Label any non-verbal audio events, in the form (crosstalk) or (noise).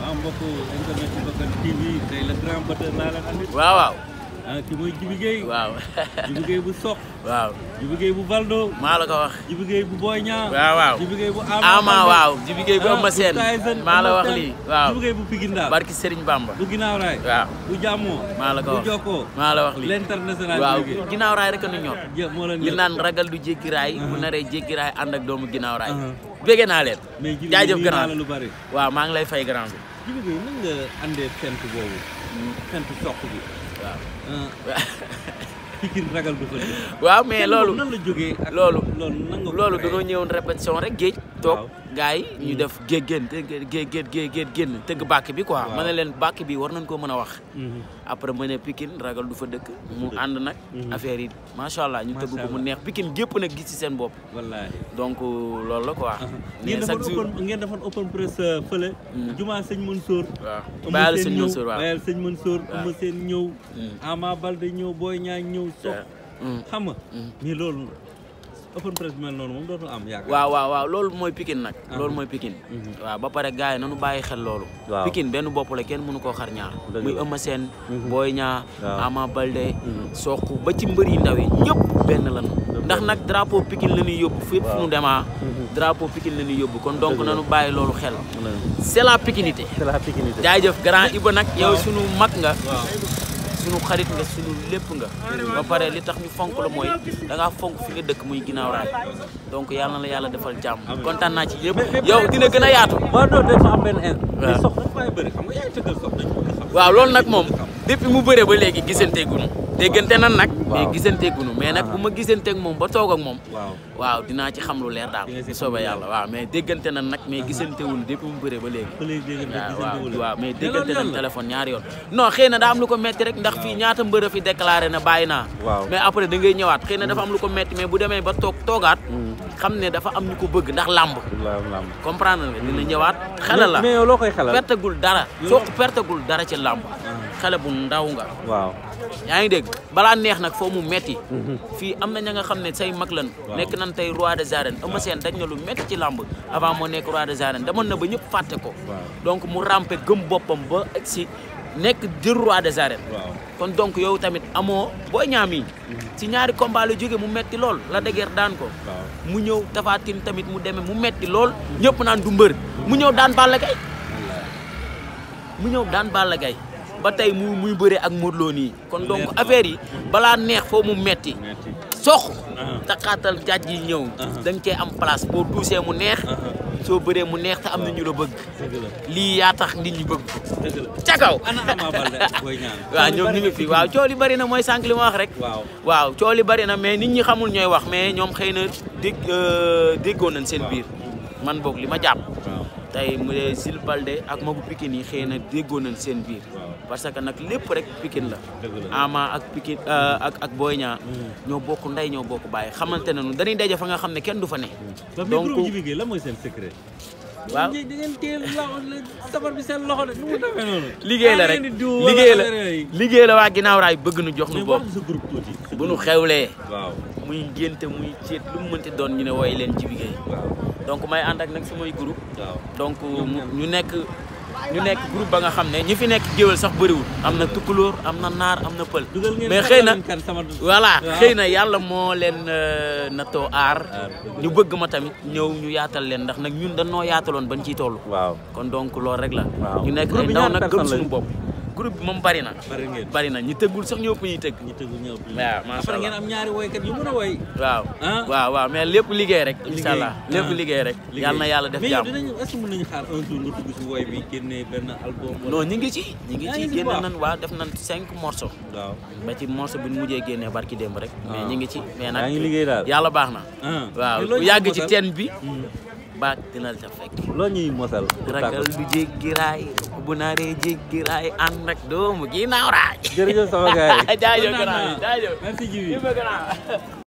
waaw mbokk internet ci Bakel TV tey le grand waaw waaw. Ah, waaw Djibi bu Sokh. waaw maa la ko wax. Djibi bu Boy Niang. waaw waaw Djibi waaw Djibi Gueye bu Eumeu ah, Sène. maa wax lii waaw Djibi Gueye bu Pikine daal. barki Serigne Bamba. bu Ginaaw Raay. waaw la wax bu Jokkoo. Ginaaw a nu ñor. li naan ragal du jéggi raay. bu uh-huh. naree jéggi ak doomu Ginaaw Raay. Uh-huh. bëggee naa leen. jaajëf grand mais lu bari. waaw maa ngi lay fay grand bi. jiw bi nan nga andee hmm. soq bi. waaw. Ah. Pikine du fa. waaw mais loolu. nan la jógee loolu. loolu nan nga loolu dañoo ñëwoon répétition rek géej. toog gars ñu mm. def géggéen géggéen géggéen génn tëgg bàkk bi quoi ma ne leen bàkk bi war nañ ko mën a wax mm-hmm. après ma ne ragal du fa dëkk mu ànd nag mm-hmm. affaire yi macha allah ñu tëgg ko mu neex Pikine gépp nag gis ci seen bopp wallaay donc euh, loolu la quoi (laughs) mais chaque jour ngeen defoon open press euh, fële mm. jumaa sëñ Mansour waaw bayal sëñ Mansour waaw bayal sëñ Mansour seen ñëw mm. Ama Baldé ñëw Boy Niang ñëw sox xam open press bi mel noonu moom dootul am yaakaar. waaw waaw waaw loolu mooy Pikine nag. Ah. loolu mooy Pikine. Mhm. waaw ba pare gars yi nanu bàyyi xel loolu. waaw benn bopp la kenn mënu koo xar ñaar. muy Eumeu Sène. Mhm. Boy Niang. Ama Baldé. Mhm. Sokh ba ci ñëpp benn lañu. ndax nag drapeau Pikine la ñuy yóbbu. fépp fu nu demaa. drapeau Pikine la ñuy yóbbu kon donc nanu bàyyi loolu xel. c'est la pikinité. c'est la pikinité. jaajëf grand Iba nag yow sunu mag nga. suñu xarit nga suñu lépp nga ba pare li tax ñu fonk la mooy da ngaa fonk fi nga dëkk muy ginnaaw raay donc yàlla na yàlla defal jàmm kontaan naa ci yëpp yow dina gën a yaatu waaw doon dafa am benn waaw loolu nag moom depuis mu bëree ba léegi gisanteeguñu déggante na nag. waaw mais gisanteeguñu mais nag bu ma gisanteeg moom ba toog ak moom. waaw waaw dinaa ci xam lu leer daal. bu soobee yàlla waaw mais déggante na nag mais gisantewul depuis mu bëree ba léegi. ba léegi waaw waaw mais déggante nan téléphone ñaari yoon. non xëy na daa am lu ko metti rek ndax fii ñaata mbër a fi déclaré na bàyyi naa. waaw mais après da ngay ñëwaat xëy na dafa am lu ko metti mais bu demee ba toog toogaat. Hmm. xam ne dafa am ñu ko bëgg ndax làmb comprendre nga dina hmm. ñëwaat xelal la loo koy xelal pertagul dara soo pertagul dara ci làmb xalé bu ndaw nga waaw yaa deg bala neex nak fo mu metti mhm. fi amna ñinga xamne say mag lan nek nan tay roi de arènes euma sen dañ na lu metti ci lamb avant mo nek roi de arènes dama na ba ñep faté ko donc mu ramper gëm bopam ba ci nek jël roi de arènes kon donc yow tamit amo bo ñami mhm. ci ñaari combat lu joge mu metti lol la deger daan ko mu ñew tafaatin tamit mu demé mu metti lol ñep naan du mbeur mu ñew daan Balla Gaye mu ñew daan Balla Gaye ba tey mu muy bëre ak Modou nii kon donc affaire yi balaa neex foo mu metti sox uh-huh. taxaatal jaaj yi ñëw uh-huh. dañ cee am place boo duusee mu neex uh-huh. soo bëree mu neex te am na ñu la bëgg lii yaa tax nit ñi bëgg ca kaw (laughs) waaw ñoom ñu ngi fi waaw coow li bari na mooy sànq li ma wax rek waaw coow li bari na mais nit ñi xamul ñooy wax mais ñoom xëy na dégg euh, déggoo nañ seen biir man boog li ma jàpp tey mu dee Jules ak Magu Pikine yi xëy na déggoo nañ seen biir parce que nag lépp rek Pikine la. Ama ak Pikine euh, ak ak Boy Niang. Hmm. ñoo bokk ndey ñoo bokk bàyyi xamante ne dañuy daje fa nga xam ne kenn du fa ne. Hmm. donc la mooy seen secret. bi seen loxo de liggéey la rek liggéey la liggéey la waa ginnaaw raay bëgg nu jox nu bopp. bu nu xewlee. waaw muy génte muy ceet lu mu mënti doon ñu ne woy leen ci liggéey. donc may ànd ak nag samay groupe. donc ñu nekk. ñu nekk groupe ba nga xam ne ñi fi nekk géwél sax bëriwul am na tukkulóor am na naar am na pël mais xëy na voilà xëy na yàlla moo leen euh, nattoo aar ñu bëgg ma tamit ñëw ñu yaatal leen ndax nag ñun dañoo yaataloon bañ ciy toll waaw kon donc loolu rek la ñu nekk ay ndaw nag gëm suñu bopp groupe bi moom bari na. bari ngeen bari na ñi tëggul sax ñëpp ñuy tëgg. ñi tëggul ñëpp ñuy tëgg waaw macha allah après ah? waaw waaw waaw liggéey rek. incha allah ah. liggéey rek. yàlla na yàlla def jàmm mais dinañu est-ce que bi génne benn album. non ñi ngi ci ñi ngi ci génne nañ waaw def nañ cinq morceaux. waaw ba ci morceau bi ñu mujjee génnee barki démb rek. mais ah. ñi ngi ci mais nag yàlla baax na. waaw yàgg ci teen bi hmm. baak dina la ca fekk. loo ñuy mosal. ragal du jéggi raay bu naree jéggi raay ànd ak doomu ginnaaw raay. jërëjëf sama gars yi (laughs) jaajëf grand jaajëf